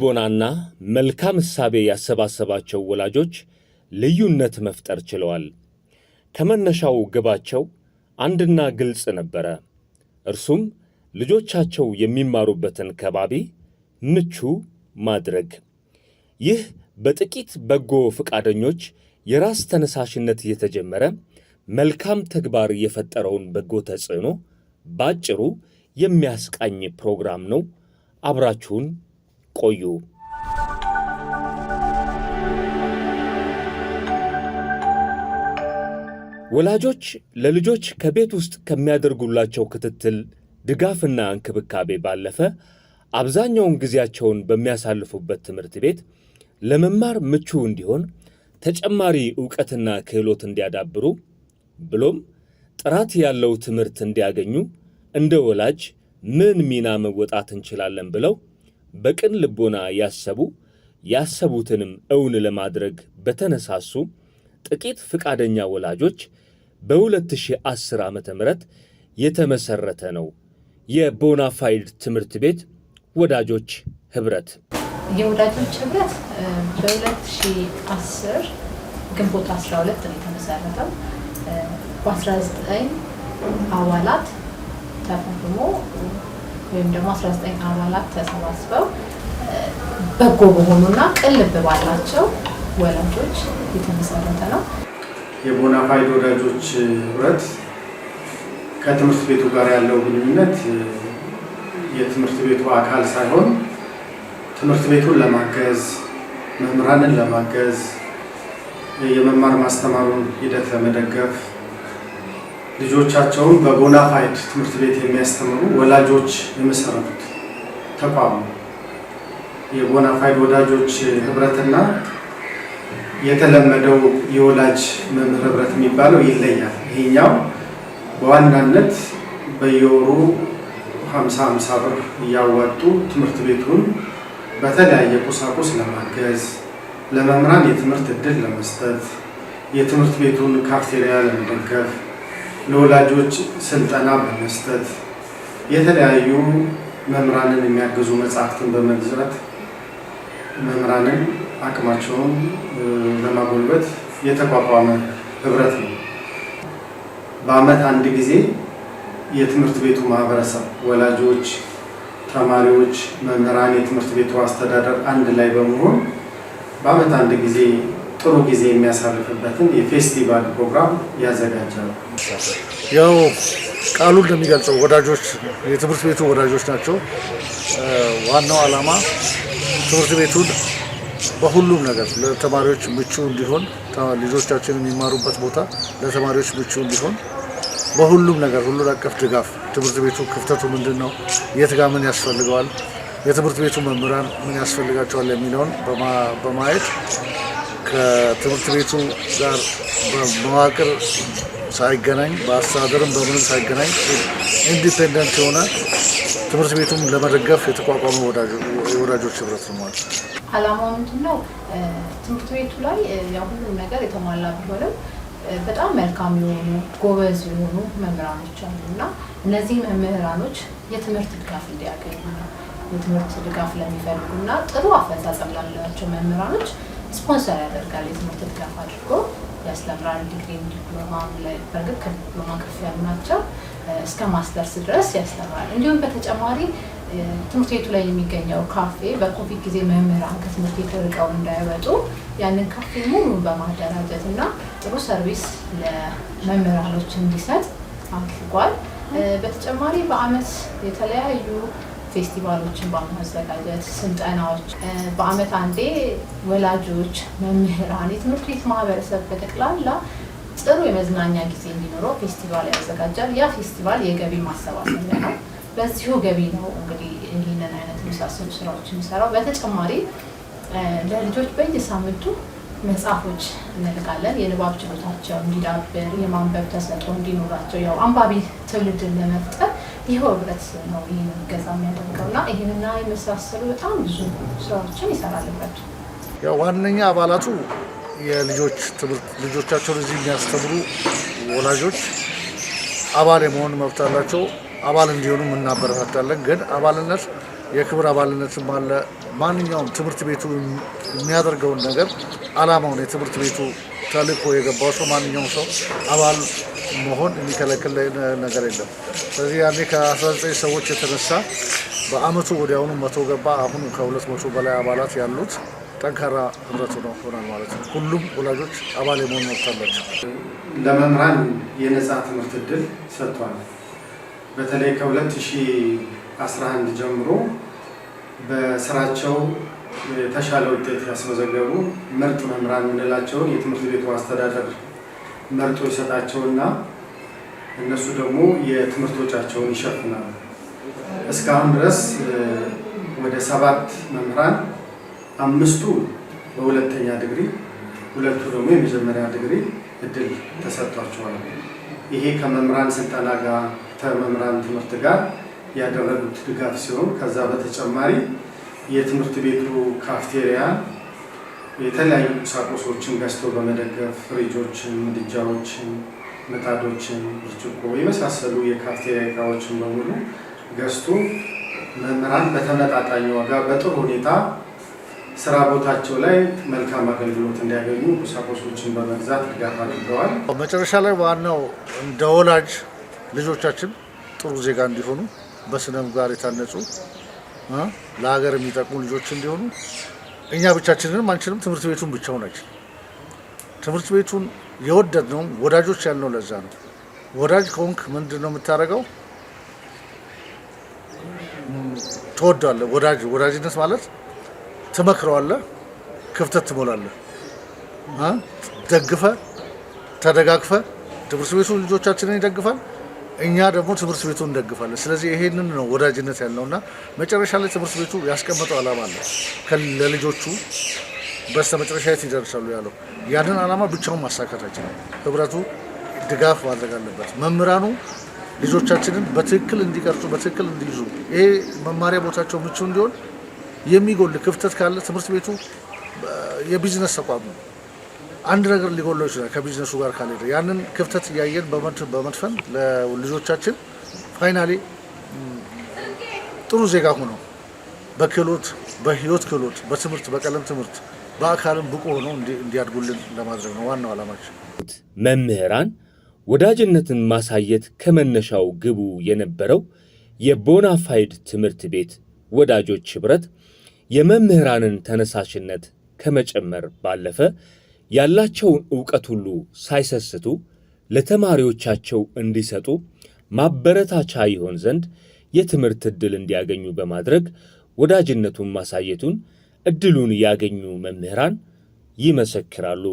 ልቦናና መልካም እሳቤ ያሰባሰባቸው ወላጆች ልዩነት መፍጠር ችለዋል። ከመነሻው ግባቸው አንድና ግልጽ ነበረ። እርሱም ልጆቻቸው የሚማሩበትን ከባቢ ምቹ ማድረግ። ይህ በጥቂት በጎ ፈቃደኞች የራስ ተነሳሽነት የተጀመረ መልካም ተግባር የፈጠረውን በጎ ተጽዕኖ ባጭሩ የሚያስቃኝ ፕሮግራም ነው። አብራችሁን ቆዩ። ወላጆች ለልጆች ከቤት ውስጥ ከሚያደርጉላቸው ክትትል ድጋፍና እንክብካቤ ባለፈ አብዛኛውን ጊዜያቸውን በሚያሳልፉበት ትምህርት ቤት ለመማር ምቹ እንዲሆን ተጨማሪ ዕውቀትና ክህሎት እንዲያዳብሩ ብሎም ጥራት ያለው ትምህርት እንዲያገኙ እንደ ወላጅ ምን ሚና መወጣት እንችላለን ብለው በቅን ልቦና ያሰቡ ያሰቡትንም እውን ለማድረግ በተነሳሱ ጥቂት ፈቃደኛ ወላጆች በ2010 ዓ ም የተመሠረተ ነው የቦናፋይድ ትምህርት ቤት ወዳጆች ኅብረት። የወዳጆች ኅብረት በ2010 ግንቦት 12 ነው የተመሠረተው። በ19 አባላት ተፈርሞ ወይም ደግሞ 19 አባላት ተሰባስበው በጎ በሆኑና ቅልብ ባላቸው ወላጆች የተመሰረተ ነው። የቦናፋይድ ወዳጆች ህብረት ከትምህርት ቤቱ ጋር ያለው ግንኙነት የትምህርት ቤቱ አካል ሳይሆን ትምህርት ቤቱን ለማገዝ መምህራንን ለማገዝ የመማር ማስተማሩን ሂደት ለመደገፍ ልጆቻቸውን በቦናፋይድ ትምህርት ቤት የሚያስተምሩ ወላጆች የመሰረቱት ተቋም የቦናፋይድ ወዳጆች ህብረትና የተለመደው የወላጅ መምህር ህብረት የሚባለው ይለያል። ይሄኛው በዋናነት በየወሩ 50 ብር እያዋጡ ትምህርት ቤቱን በተለያየ ቁሳቁስ ለማገዝ፣ ለመምህራን የትምህርት እድል ለመስጠት፣ የትምህርት ቤቱን ካፍቴሪያ ለመደገፍ ለወላጆች ስልጠና በመስጠት የተለያዩ መምህራንን የሚያግዙ መጽሐፍትን በመግዛት መምህራንን አቅማቸውን ለማጎልበት የተቋቋመ ህብረት ነው። በዓመት አንድ ጊዜ የትምህርት ቤቱ ማህበረሰብ፣ ወላጆች፣ ተማሪዎች፣ መምህራን፣ የትምህርት ቤቱ አስተዳደር አንድ ላይ በመሆን በዓመት አንድ ጊዜ ጥሩ ጊዜ የሚያሳልፍበትን የፌስቲቫል ፕሮግራም ያዘጋጃሉ። ያው ቃሉ እንደሚገልጸው ወዳጆች የትምህርት ቤቱ ወዳጆች ናቸው። ዋናው ዓላማ ትምህርት ቤቱን በሁሉም ነገር ለተማሪዎች ምቹ እንዲሆን፣ ልጆቻችን የሚማሩበት ቦታ ለተማሪዎች ምቹ እንዲሆን በሁሉም ነገር ሁሉን አቀፍ ድጋፍ ትምህርት ቤቱ ክፍተቱ ምንድን ነው፣ የት ጋር ምን ያስፈልገዋል፣ የትምህርት ቤቱ መምህራን ምን ያስፈልጋቸዋል የሚለውን በማየት ከትምህርት ቤቱ ጋር በመዋቅር ሳይገናኝ በአስተዳደርም በምንም ሳይገናኝ ኢንዲፔንደንት የሆነ ትምህርት ቤቱም ለመደገፍ የተቋቋመ የወዳጆች ህብረት ነው ማለት ነው። አላማው ምንድን ነው? ትምህርት ቤቱ ላይ ያው ሁሉም ነገር የተሟላ ቢሆንም በጣም መልካም የሆኑ ጎበዝ የሆኑ መምህራኖች አሉ እና እነዚህ መምህራኖች የትምህርት ድጋፍ እንዲያገኙ ነው። የትምህርት ድጋፍ ለሚፈልጉ እና ጥሩ አፈጻጸም ላላቸው መምህራኖች ስፖንሰር ያደርጋል። የትምህርት ድጋፍ አድርጎ ያስተምራል። ዲግሪም ዲፕሎማም ላይ በእርግጥ ከዲፕሎማ ከፍ ያሉ ናቸው እስከ ማስተርስ ድረስ ያስተምራል። እንዲሁም በተጨማሪ ትምህርት ቤቱ ላይ የሚገኘው ካፌ በኮቪድ ጊዜ መምህራን ከትምህርት ቤት ርቀው እንዳይወጡ ያንን ካፌ ሙሉ በማደራጀት እና ጥሩ ሰርቪስ ለመምህራኖች እንዲሰጥ አድርጓል። በተጨማሪ በአመት የተለያዩ ፌስቲቫሎችን በማዘጋጀት ስልጠናዎች፣ በአመት አንዴ ወላጆች፣ መምህራን፣ የትምህርት ቤት ማህበረሰብ በጠቅላላ ጥሩ የመዝናኛ ጊዜ እንዲኖረው ፌስቲቫል ያዘጋጃል። ያ ፌስቲቫል የገቢ ማሰባሰቢያ ነው። በዚሁ ገቢ ነው እንግዲህ ይህንን አይነት የመሳሰሉ ስራዎች የሚሰራው። በተጨማሪ ለልጆች በየሳምንቱ መጽሐፎች እንልካለን። የንባብ ችሎታቸው እንዲዳብር፣ የማንበብ ተሰጥኦ እንዲኖራቸው ያው አንባቢ ትውልድን ለመፍጠር ይኸው ህብረት ነው ይህን ገዛ የሚያደርገው እና ይህንና የመሳሰሉ በጣም ብዙ ስራዎችን ይሰራልበት። ያው ዋነኛ አባላቱ የልጆች ትምህርት ልጆቻቸውን እዚህ የሚያስተምሩ ወላጆች አባል የመሆን መብት አላቸው። አባል እንዲሆኑ እናበረታታለን። ግን አባልነት የክብር አባልነትም አለ። ማንኛውም ትምህርት ቤቱ የሚያደርገውን ነገር አላማውን የትምህርት ቤቱ ተልእኮ የገባው ሰው ማንኛውም ሰው አባል መሆን የሚከለክል ነገር የለም። ስለዚህ ያኔ ከ19 ሰዎች የተነሳ በአመቱ ወዲያውኑ መቶ ገባ። አሁን ከሁለት 200 በላይ አባላት ያሉት ጠንካራ ህብረቱ ነው ሆናል ማለት ነው። ሁሉም ወላጆች አባል የመሆን መብታለች። አላቸው። ለመምህራን የነጻ ትምህርት እድል ሰጥቷል። በተለይ ከ2011 ጀምሮ በስራቸው የተሻለ ውጤት ያስመዘገቡ ምርጥ መምህራን የምንላቸውን የትምህርት ቤቱ አስተዳደር መርጦ ይሰጣቸውና እነሱ ደግሞ የትምህርት ወጪያቸውን ይሸፍናሉ። እስካሁን ድረስ ወደ ሰባት መምህራን አምስቱ በሁለተኛ ዲግሪ፣ ሁለቱ ደግሞ የመጀመሪያ ዲግሪ እድል ተሰጥቷቸዋል። ይሄ ከመምህራን ስልጠና ጋር ከመምህራን ትምህርት ጋር ያደረጉት ድጋፍ ሲሆን ከዛ በተጨማሪ የትምህርት ቤቱ ካፍቴሪያ የተለያዩ ቁሳቁሶችን ገዝቶ በመደገፍ ፍሪጆችን፣ ምድጃዎችን፣ ምጣዶችን፣ ብርጭቆ የመሳሰሉ የካፍቴሪያ እቃዎችን በሙሉ ገዝቶ መምህራን በተመጣጣኝ ዋጋ በጥሩ ሁኔታ ስራ ቦታቸው ላይ መልካም አገልግሎት እንዲያገኙ ቁሳቁሶችን በመግዛት ድጋፍ አድርገዋል። መጨረሻ ላይ ዋናው እንደ ወላጅ ልጆቻችን ጥሩ ዜጋ እንዲሆኑ በስነ ምግባር የታነጹ ለሀገር የሚጠቅሙ ልጆች እንዲሆኑ እኛ ብቻችንንም አንችልም። ትምህርት ቤቱን ብቻውን አይችልም። ትምህርት ቤቱን የወደድ ነው ወዳጆች ያልነው ለዛ ነው። ወዳጅ ከሆንክ ምንድን ነው የምታደርገው? ትወደዋለህ። ወዳጅ ወዳጅነት ማለት ትመክረዋለህ፣ ክፍተት ትሞላለህ፣ ደግፈ ተደጋግፈ ትምህርት ቤቱ ልጆቻችንን ይደግፋል። እኛ ደግሞ ትምህርት ቤቱ እንደግፋለን። ስለዚህ ይሄንን ነው ወዳጅነት ያለውና መጨረሻ ላይ ትምህርት ቤቱ ያስቀመጠው ዓላማ አለ ለልጆቹ በስተ መጨረሻ የት ይደርሳሉ ያለው ያንን ዓላማ ብቻውን ማሳካታችን ነው። ህብረቱ ድጋፍ ማድረግ አለበት። መምህራኑ ልጆቻችንን በትክክል እንዲቀርጹ በትክክል እንዲይዙ ይሄ መማሪያ ቦታቸው ምቹ እንዲሆን የሚጎል ክፍተት ካለ ትምህርት ቤቱ የቢዝነስ ተቋም ነው። አንድ ነገር ሊጎለው ይችላል ከቢዝነሱ ጋር ካልሄደ። ያንን ክፍተት እያየን በመድፈን ለልጆቻችን ፋይናሌ ጥሩ ዜጋ ሆነው በክህሎት በህይወት ክህሎት በትምህርት በቀለም ትምህርት በአካልም ብቁ ሆነው እንዲያድጉልን ለማድረግ ነው ዋናው ዓላማችን። መምህራን ወዳጅነትን ማሳየት ከመነሻው ግቡ የነበረው የቦናፋይድ ትምህርት ቤት ወዳጆች ኅብረት የመምህራንን ተነሳሽነት ከመጨመር ባለፈ ያላቸውን ዕውቀት ሁሉ ሳይሰስቱ ለተማሪዎቻቸው እንዲሰጡ ማበረታቻ ይሆን ዘንድ የትምህርት ዕድል እንዲያገኙ በማድረግ ወዳጅነቱን ማሳየቱን ዕድሉን ያገኙ መምህራን ይመሰክራሉ።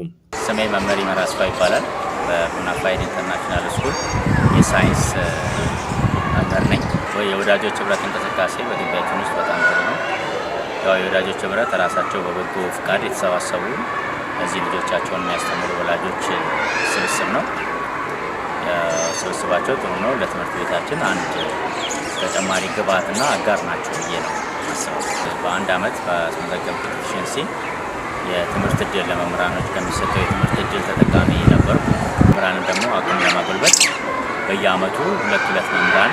ስሜ መምህር መራስፋ ይባላል። በቡናፋይድ ኢንተርናሽናል ስኩል የሳይንስ መምህር ነኝ። የወዳጆች ህብረት እንቅስቃሴ በግቢያችን ውስጥ በጣም ጥሩ ነው። የወዳጆች ህብረት ራሳቸው በበጎ ፍቃድ የተሰባሰቡ እዚህ ልጆቻቸውን የሚያስተምሩ ወላጆች ስብስብ ነው። ስብስባቸው ጥሩ ነው። ለትምህርት ቤታችን አንድ ተጨማሪ ግብዓትና አጋር ናቸው ብዬ ነው ማስበው። በአንድ ዓመት በስመዘገብ ኤፊሽንሲ የትምህርት እድል ለመምህራኖች ከሚሰጠው የትምህርት እድል ተጠቃሚ ነበሩ። መምህራንን ደግሞ አቅም ለማጎልበት በየአመቱ ሁለት ሁለት መምህራን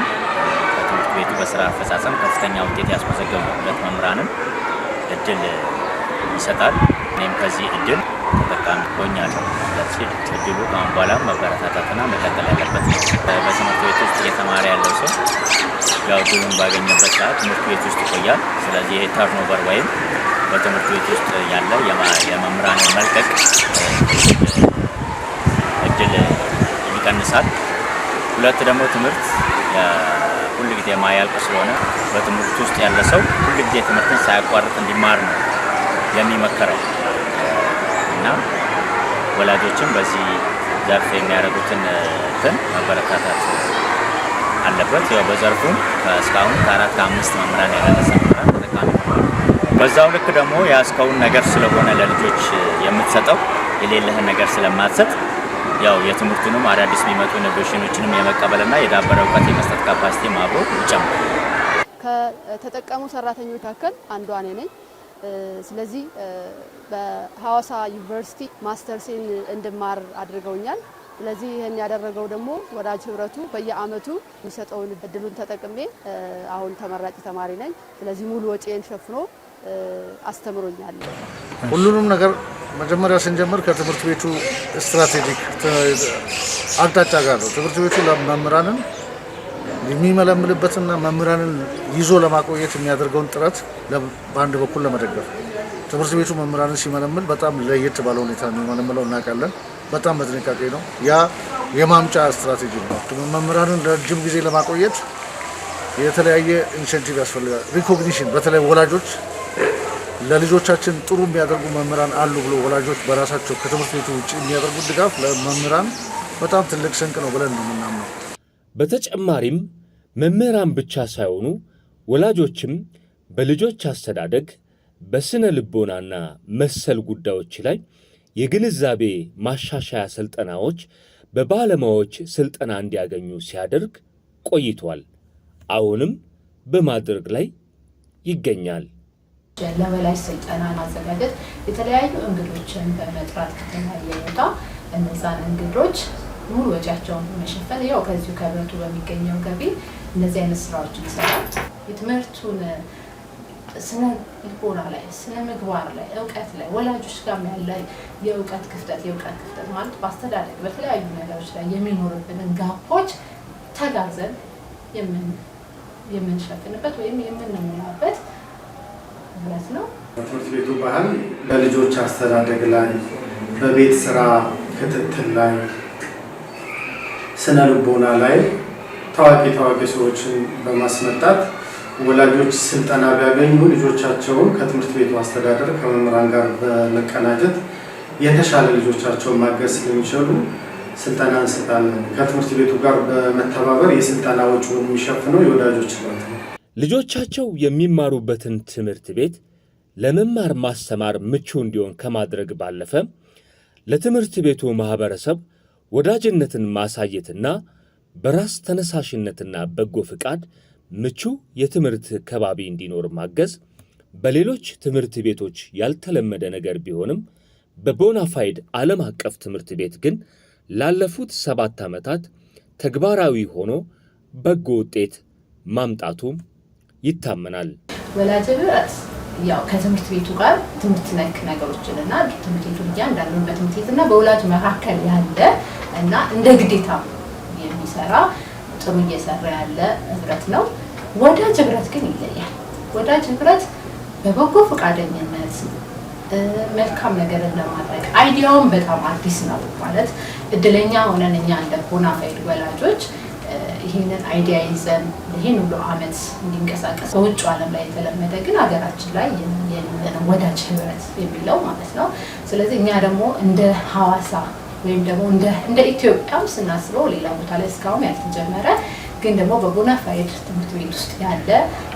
ከትምህርት ቤቱ በስራ አፈጻጸም ከፍተኛ ውጤት ያስመዘገቡ ሁለት መምህራንን እድል ይሰጣል። እኔም ከዚህ እድል በጣም ሆኛለሁ። ነው እድሉ ከአሁን በኋላ መበረታታትና መቀጠል ያለበት ነው። በትምህርት ቤት ውስጥ እየተማረ ያለው ሰው ያው ድሉን ባገኘበት ሰዓት ትምህርት ቤት ውስጥ ይቆያል። ስለዚህ ይሄ ተርኖቨር ወይም በትምህርት ቤት ውስጥ ያለ የመምህራን መልቀቅ እድል ይቀንሳል። ሁለት ደግሞ ትምህርት ሁል ጊዜ ማያልቅ ስለሆነ በትምህርት ውስጥ ያለ ሰው ሁል ጊዜ ትምህርትን ሳያቋርጥ እንዲማር ነው የሚመከረው እና ወላጆችም በዚህ ዘርፍ የሚያደርጉትን እንትን መበረታታት አለበት። ያው በዘርፉ እስካሁን ከአራት ከአምስት መምህራን ያለነሰ ተጠቃሚ በዛው ልክ ደግሞ የያዝከውን ነገር ስለሆነ ለልጆች የምትሰጠው የሌለህን ነገር ስለማትሰጥ ያው የትምህርቱንም አዳዲስ የሚመጡ ኢኖቬሽኖችንም የመቀበልና የዳበረ እውቀት የመስጠት ካፓሲቲ ማብሮ ይጨምራል። ከተጠቀሙ ሰራተኞች መካከል አንዷ እኔ ነኝ። ስለዚህ በሀዋሳ ዩኒቨርሲቲ ማስተርሴን እንድማር አድርገውኛል። ስለዚህ ይህን ያደረገው ደግሞ ወዳጅ ህብረቱ በየአመቱ የሚሰጠውን እድሉን ተጠቅሜ አሁን ተመራጭ ተማሪ ነኝ። ስለዚህ ሙሉ ወጪን ሸፍኖ አስተምሮኛል። ሁሉንም ነገር መጀመሪያ ስንጀምር ከትምህርት ቤቱ ስትራቴጂክ አቅጣጫ ጋር ነው። ትምህርት ቤቱ መምህራንን የሚመለምልበትና መምህራንን ይዞ ለማቆየት የሚያደርገውን ጥረት በአንድ በኩል ለመደገፍ ትምህርት ቤቱ መምህራንን ሲመለምል በጣም ለየት ባለ ሁኔታ የሚመለምለው እናውቃለን። በጣም በጥንቃቄ ነው። ያ የማምጫ ስትራቴጂ ነው። መምህራንን ለረጅም ጊዜ ለማቆየት የተለያየ ኢንሴንቲቭ ያስፈልጋል። ሪኮግኒሽን፣ በተለይ ወላጆች ለልጆቻችን ጥሩ የሚያደርጉ መምህራን አሉ ብሎ ወላጆች በራሳቸው ከትምህርት ቤቱ ውጭ የሚያደርጉት ድጋፍ ለመምህራን በጣም ትልቅ ስንቅ ነው ብለን ነው የምናምነው። በተጨማሪም መምህራን ብቻ ሳይሆኑ ወላጆችም በልጆች አስተዳደግ በሥነ ልቦናና መሰል ጉዳዮች ላይ የግንዛቤ ማሻሻያ ሥልጠናዎች በባለሙያዎች ሥልጠና እንዲያገኙ ሲያደርግ ቆይቷል። አሁንም በማድረግ ላይ ይገኛል። ለበላይ ስልጠና ማዘጋጀት የተለያዩ እንግዶችን በመጥራት ከተማ እየወጣ እነዛን እንግዶች ሙሉ ወጪያቸውን መሸፈን ያው ከዚሁ ከህብረቱ በሚገኘው ገቢ እነዚህ አይነት ስራዎችን ይሰራል። የትምህርቱን ስነ ልቦና ላይ፣ ስነ ምግባር ላይ፣ እውቀት ላይ ወላጆች ጋር ያለ የእውቀት ክፍተት የእውቀት ክፍተት ማለት በአስተዳደግ በተለያዩ ነገሮች ላይ የሚኖርብንን ጋፖች ተጋዘን የምንሸፍንበት ወይም የምንሞላበት ህብረት ነው። ትምህርት ቤቱ ባህል በልጆች አስተዳደግ ላይ፣ በቤት ስራ ክትትል ላይ፣ ስነ ልቦና ላይ ታዋቂ ታዋቂ ሰዎችን በማስመጣት ወላጆች ስልጠና ቢያገኙ ልጆቻቸውን ከትምህርት ቤቱ አስተዳደር ከመምህራን ጋር በመቀናጀት የተሻለ ልጆቻቸውን ማገዝ ስለሚችሉ ስልጠና እንሰጣለን። ከትምህርት ቤቱ ጋር በመተባበር የስልጠና ወጪውን የሚሸፍነው የወላጆች ነው። ልጆቻቸው የሚማሩበትን ትምህርት ቤት ለመማር ማስተማር ምቹ እንዲሆን ከማድረግ ባለፈ ለትምህርት ቤቱ ማህበረሰብ ወዳጅነትን ማሳየትና በራስ ተነሳሽነትና በጎ ፍቃድ ምቹ የትምህርት ከባቢ እንዲኖር ማገዝ በሌሎች ትምህርት ቤቶች ያልተለመደ ነገር ቢሆንም በቦናፋይድ ዓለም አቀፍ ትምህርት ቤት ግን ላለፉት ሰባት ዓመታት ተግባራዊ ሆኖ በጎ ውጤት ማምጣቱ ይታመናል። ወላጅ ህብረት ያው ከትምህርት ቤቱ ጋር ትምህርት ነክ ነገሮችን እና ትምህርት ቤቱ እያንዳንዱን በትምህርት ቤት ቤትና በወላጅ መካከል ያለ እና እንደ ግዴታ የሚሰራ ጥሩ እየሰራ ያለ ህብረት ነው። ወዳጅ ህብረት ግን ይለያል። ወዳጅ ህብረት በበጎ ፈቃደኝነት መልካም ነገርን ለማድረግ አይዲያውን በጣም አዲስ ነው ማለት እድለኛ ሆነን እኛ እንደ ቦናፋይድ ወላጆች ይህንን አይዲያ ይዘን ይህን ሁሉ አመት እንዲንቀሳቀስ በውጭ ዓለም ላይ የተለመደ ግን ሀገራችን ላይ ወዳጅ ህብረት የሚለው ማለት ነው። ስለዚህ እኛ ደግሞ እንደ ሀዋሳ ወይም ደግሞ እንደ ኢትዮጵያም ስናስበው ሌላ ቦታ ላይ እስካሁን ያልተጀመረ ግን ደግሞ ፋይድ ትምህርት ቤት ውስጥ ያለ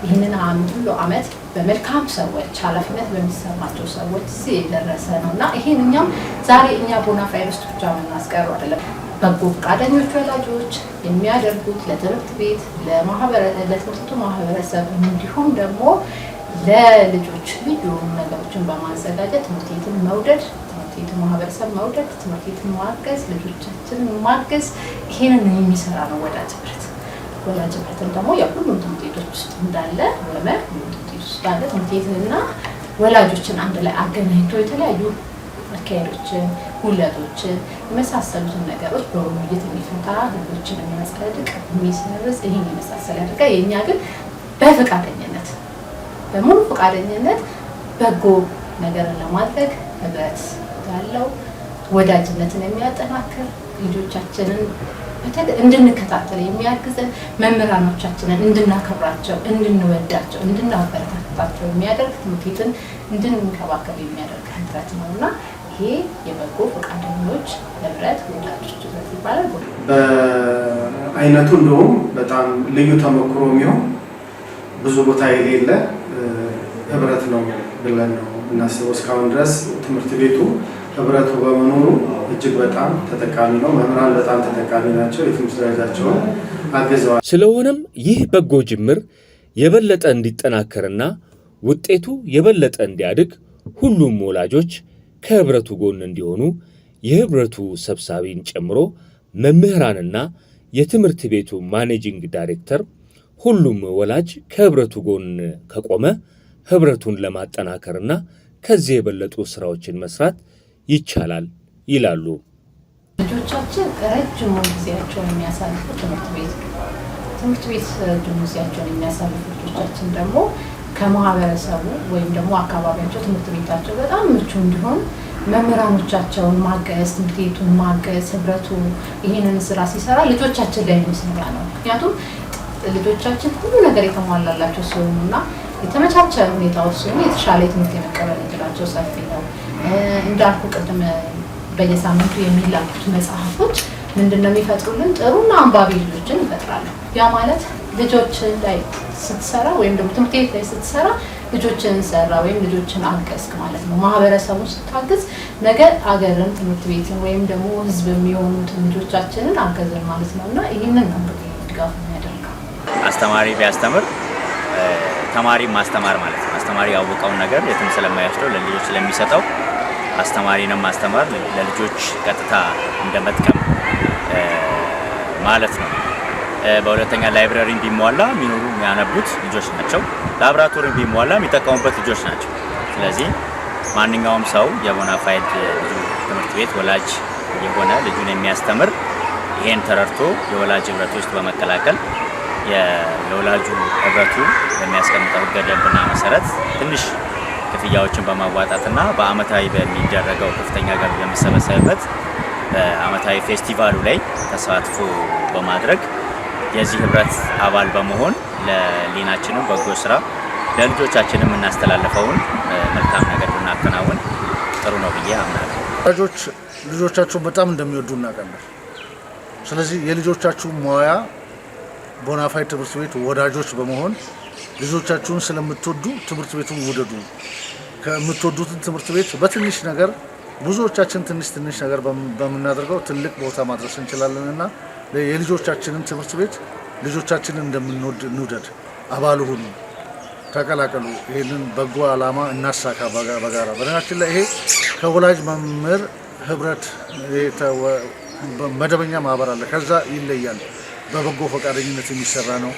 ይህንን ሁሉ አመት በመልካም ሰዎች ኃላፊነት በሚሰማቸው ሰዎች እዚህ የደረሰ ነው እና ይህን እኛም ዛሬ እኛ ፋይድ ውስጥ ብቻ የምናስቀሩ አይደለም። በጎ ፈቃደኞች ወላጆች የሚያደርጉት ለትምህርት ቤት ለትምህርቱ ማህበረሰብ እንዲሁም ደግሞ ለልጆች ልዩ የሆኑ ነገሮችን በማዘጋጀት ትምህርት ቤትን መውደድ፣ ትምህርት ቤቱ ማህበረሰብ መውደድ፣ ትምህርት ቤትን ማገዝ፣ ልጆቻችንን ማገዝ ይሄንን የሚሰራ ነው ወዳጅ ህብረት። ወዳጅ ህብረትን ደግሞ የሁሉም ትምህርት ቤቶች ውስጥ እንዳለ ወመ ሁሉም ትምህርት ቤቶች ውስጥ እንዳለ ትምህርት ቤትንና ወላጆችን አንድ ላይ አገናኝቶ የተለያዩ አካሄዶችን ሁለቶችን የመሳሰሉትን ነገሮች በውይይት የሚፈታ ልጆችን የሚያጸድቅ የሚሰርዝ ይህን የመሳሰል ያደርጋ የእኛ ግን በፈቃደኛ በሙሉ ፈቃደኝነት በጎ ነገርን ለማድረግ ህብረት ያለው ወዳጅነትን የሚያጠናክር ልጆቻችንን እንድንከታተል የሚያግዘን መምህራኖቻችንን እንድናከብራቸው፣ እንድንወዳቸው፣ እንድናበረታታቸው የሚያደርግ ትምህርት ቤትን እንድንንከባከብ የሚያደርግ ህብረት ነው እና ይሄ የበጎ ፈቃደኞች ህብረት ወዳጆች ህብረት ይባላል። በአይነቱ እንደውም በጣም ልዩ ተሞክሮ የሚሆን ብዙ ቦታ የሌለ ህብረት ነው ብለን ነው እናስበው። እስካሁን ድረስ ትምህርት ቤቱ ህብረቱ በመኖሩ እጅግ በጣም ተጠቃሚ ነው። መምህራን በጣም ተጠቃሚ ናቸው። የትምህርት ደረጃቸውን አገዘዋል። ስለሆነም ይህ በጎ ጅምር የበለጠ እንዲጠናከርና ውጤቱ የበለጠ እንዲያድግ ሁሉም ወላጆች ከህብረቱ ጎን እንዲሆኑ የህብረቱ ሰብሳቢን ጨምሮ መምህራንና የትምህርት ቤቱ ማኔጂንግ ዳይሬክተር ሁሉም ወላጅ ከህብረቱ ጎን ከቆመ ህብረቱን ለማጠናከርና ከዚህ የበለጡ ስራዎችን መስራት ይቻላል ይላሉ። ልጆቻችን ረጅሙ ጊዜያቸውን የሚያሳልፉ ትምህርት ቤት ትምህርት ቤት ረጅሙ ጊዜያቸውን የሚያሳልፉ ልጆቻችን ደግሞ ከማህበረሰቡ ወይም ደግሞ አካባቢያቸው ትምህርት ቤታቸው በጣም ምቹ እንዲሆን መምህራኖቻቸውን ማገዝ፣ ትምህርት ቤቱን ማገዝ፣ ህብረቱ ይህንን ስራ ሲሰራ ልጆቻችን ላይ የሚሰራ ነው። ምክንያቱም ልጆቻችን ሁሉ ነገር የተሟላላቸው ሲሆኑና የተመቻቸ ሁኔታዎች ሲሆኑ የተሻለ ትምህርት የመቀበል እድላቸው ሰፊ ነው። እንዳልኩ ቅድም በየሳምንቱ የሚላኩት መጽሐፎች ምንድን ነው የሚፈጥሩልን? ጥሩና አንባቢ ልጆችን ይፈጥራሉ። ያ ማለት ልጆች ላይ ስትሰራ ወይም ደግሞ ትምህርት ቤት ላይ ስትሰራ ልጆችን ሰራ ወይም ልጆችን አገዝክ ማለት ነው። ማህበረሰቡን ስታግዝ ነገ አገርን፣ ትምህርት ቤትን ወይም ደግሞ ህዝብ የሚሆኑትን ልጆቻችንን አገዝን ማለት ነው እና ይህንን ነው ድጋፍ የሚያደርገው አስተማሪ ቢያስተምር ተማሪ ማስተማር ማለት ነው። አስተማሪ ያወቀውን ነገር የትም ስለማያስደው ለልጆች ስለሚሰጠው አስተማሪንም ማስተማር ለልጆች ቀጥታ እንደ መጥቀም ማለት ነው። በሁለተኛ ላይብረሪ ቢሟላ የሚኖሩ የሚያነቡት ልጆች ናቸው። ላብራቶሪ ቢሟላ የሚጠቀሙበት ልጆች ናቸው። ስለዚህ ማንኛውም ሰው የቦናፋይድ ትምህርት ቤት ወላጅ የሆነ ልጁን የሚያስተምር ይሄን ተረድቶ የወላጅ ህብረት ውስጥ በመቀላቀል የወላጁ ህብረቱ በሚያስቀምጠው ህገ ደንብና መሰረት ትንሽ ክፍያዎችን በማዋጣትና በአመታዊ በሚደረገው ከፍተኛ ገቢ በሚሰበሰብበት በአመታዊ ፌስቲቫሉ ላይ ተሳትፎ በማድረግ የዚህ ህብረት አባል በመሆን ለሊናችንም በጎ ስራ ለልጆቻችንም የምናስተላልፈውን መልካም ነገር ብናከናውን ጥሩ ነው ብዬ አምናለሁ። ወላጆች ልጆቻቸውን በጣም እንደሚወዱ እናውቃለን። ስለዚህ የልጆቻችሁ ሙያ ቦናፋይድ ትምህርት ቤት ወዳጆች በመሆን ልጆቻችሁን ስለምትወዱ ትምህርት ቤቱን ውደዱ። ከምትወዱትን ትምህርት ቤት በትንሽ ነገር ብዙዎቻችን ትንሽ ትንሽ ነገር በምናደርገው ትልቅ ቦታ ማድረስ እንችላለን እና የልጆቻችንን ትምህርት ቤት ልጆቻችንን እንደምንወድ እንውደድ። አባል ሁኑ፣ ተቀላቀሉ። ይህንን በጎ ዓላማ እናሳካ በጋራ። በነገራችን ላይ ይሄ ከወላጅ መምህር ህብረት መደበኛ ማህበር አለ፣ ከዛ ይለያል። በበጎ ፈቃደኝነት የሚሰራ ነው።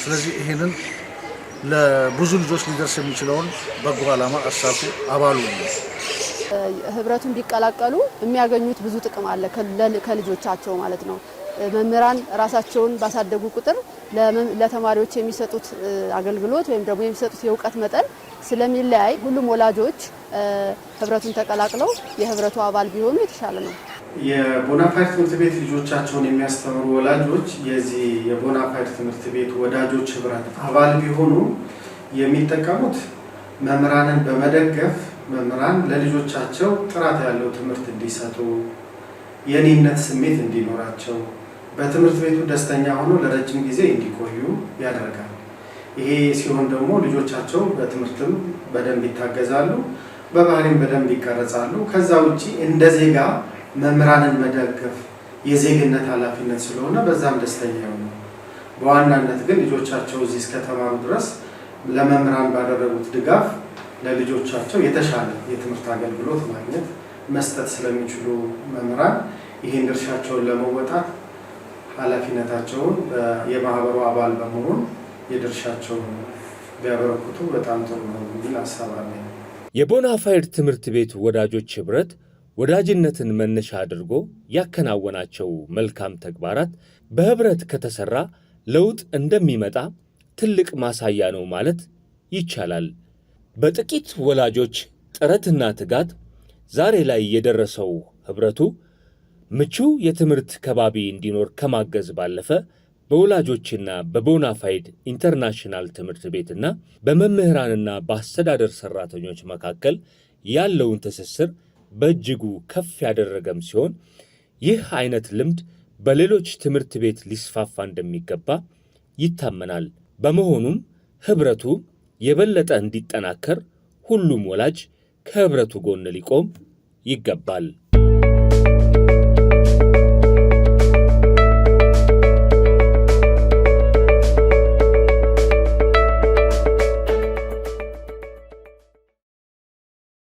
ስለዚህ ይህንን ለብዙ ልጆች ሊደርስ የሚችለውን በጎ ዓላማ አሳቱ አባሉ ህብረቱን ቢቀላቀሉ የሚያገኙት ብዙ ጥቅም አለ ከልጆቻቸው ማለት ነው። መምህራን ራሳቸውን ባሳደጉ ቁጥር ለተማሪዎች የሚሰጡት አገልግሎት ወይም ደግሞ የሚሰጡት የእውቀት መጠን ስለሚለያይ ሁሉም ወላጆች ህብረቱን ተቀላቅለው የህብረቱ አባል ቢሆኑ የተሻለ ነው። የቦናፋይድ ትምህርት ቤት ልጆቻቸውን የሚያስተምሩ ወላጆች የዚህ የቦናፋይድ ትምህርት ቤት ወዳጆች ህብረት አባል ቢሆኑ የሚጠቀሙት መምህራንን በመደገፍ መምህራን ለልጆቻቸው ጥራት ያለው ትምህርት እንዲሰጡ፣ የኔነት ስሜት እንዲኖራቸው፣ በትምህርት ቤቱ ደስተኛ ሆኖ ለረጅም ጊዜ እንዲቆዩ ያደርጋል። ይሄ ሲሆን ደግሞ ልጆቻቸው በትምህርትም በደንብ ይታገዛሉ፣ በባህሪም በደንብ ይቀረጻሉ። ከዛ ውጭ እንደ ዜጋ መምህራንን መደገፍ የዜግነት ኃላፊነት ስለሆነ በዛም ደስተኛ የሆነ በዋናነት ግን ልጆቻቸው እዚህ እስከተማሩ ድረስ ለመምህራን ባደረጉት ድጋፍ ለልጆቻቸው የተሻለ የትምህርት አገልግሎት ማግኘት መስጠት ስለሚችሉ መምህራን ይህን ድርሻቸውን ለመወጣት ኃላፊነታቸውን የማህበሩ አባል በመሆን የድርሻቸውን ቢያበረክቱ በጣም ጥሩ ነው የሚል አሳብ አለ። የቦናፋይድ ትምህርት ቤት ወዳጆች ህብረት ወዳጅነትን መነሻ አድርጎ ያከናወናቸው መልካም ተግባራት በህብረት ከተሰራ ለውጥ እንደሚመጣ ትልቅ ማሳያ ነው ማለት ይቻላል። በጥቂት ወላጆች ጥረትና ትጋት ዛሬ ላይ የደረሰው ህብረቱ ምቹ የትምህርት ከባቢ እንዲኖር ከማገዝ ባለፈ በወላጆችና በቦናፋይድ ኢንተርናሽናል ትምህርት ቤትና በመምህራንና በአስተዳደር ሠራተኞች መካከል ያለውን ትስስር በእጅጉ ከፍ ያደረገም ሲሆን ይህ አይነት ልምድ በሌሎች ትምህርት ቤት ሊስፋፋ እንደሚገባ ይታመናል። በመሆኑም ኅብረቱ የበለጠ እንዲጠናከር ሁሉም ወላጅ ከኅብረቱ ጎን ሊቆም ይገባል።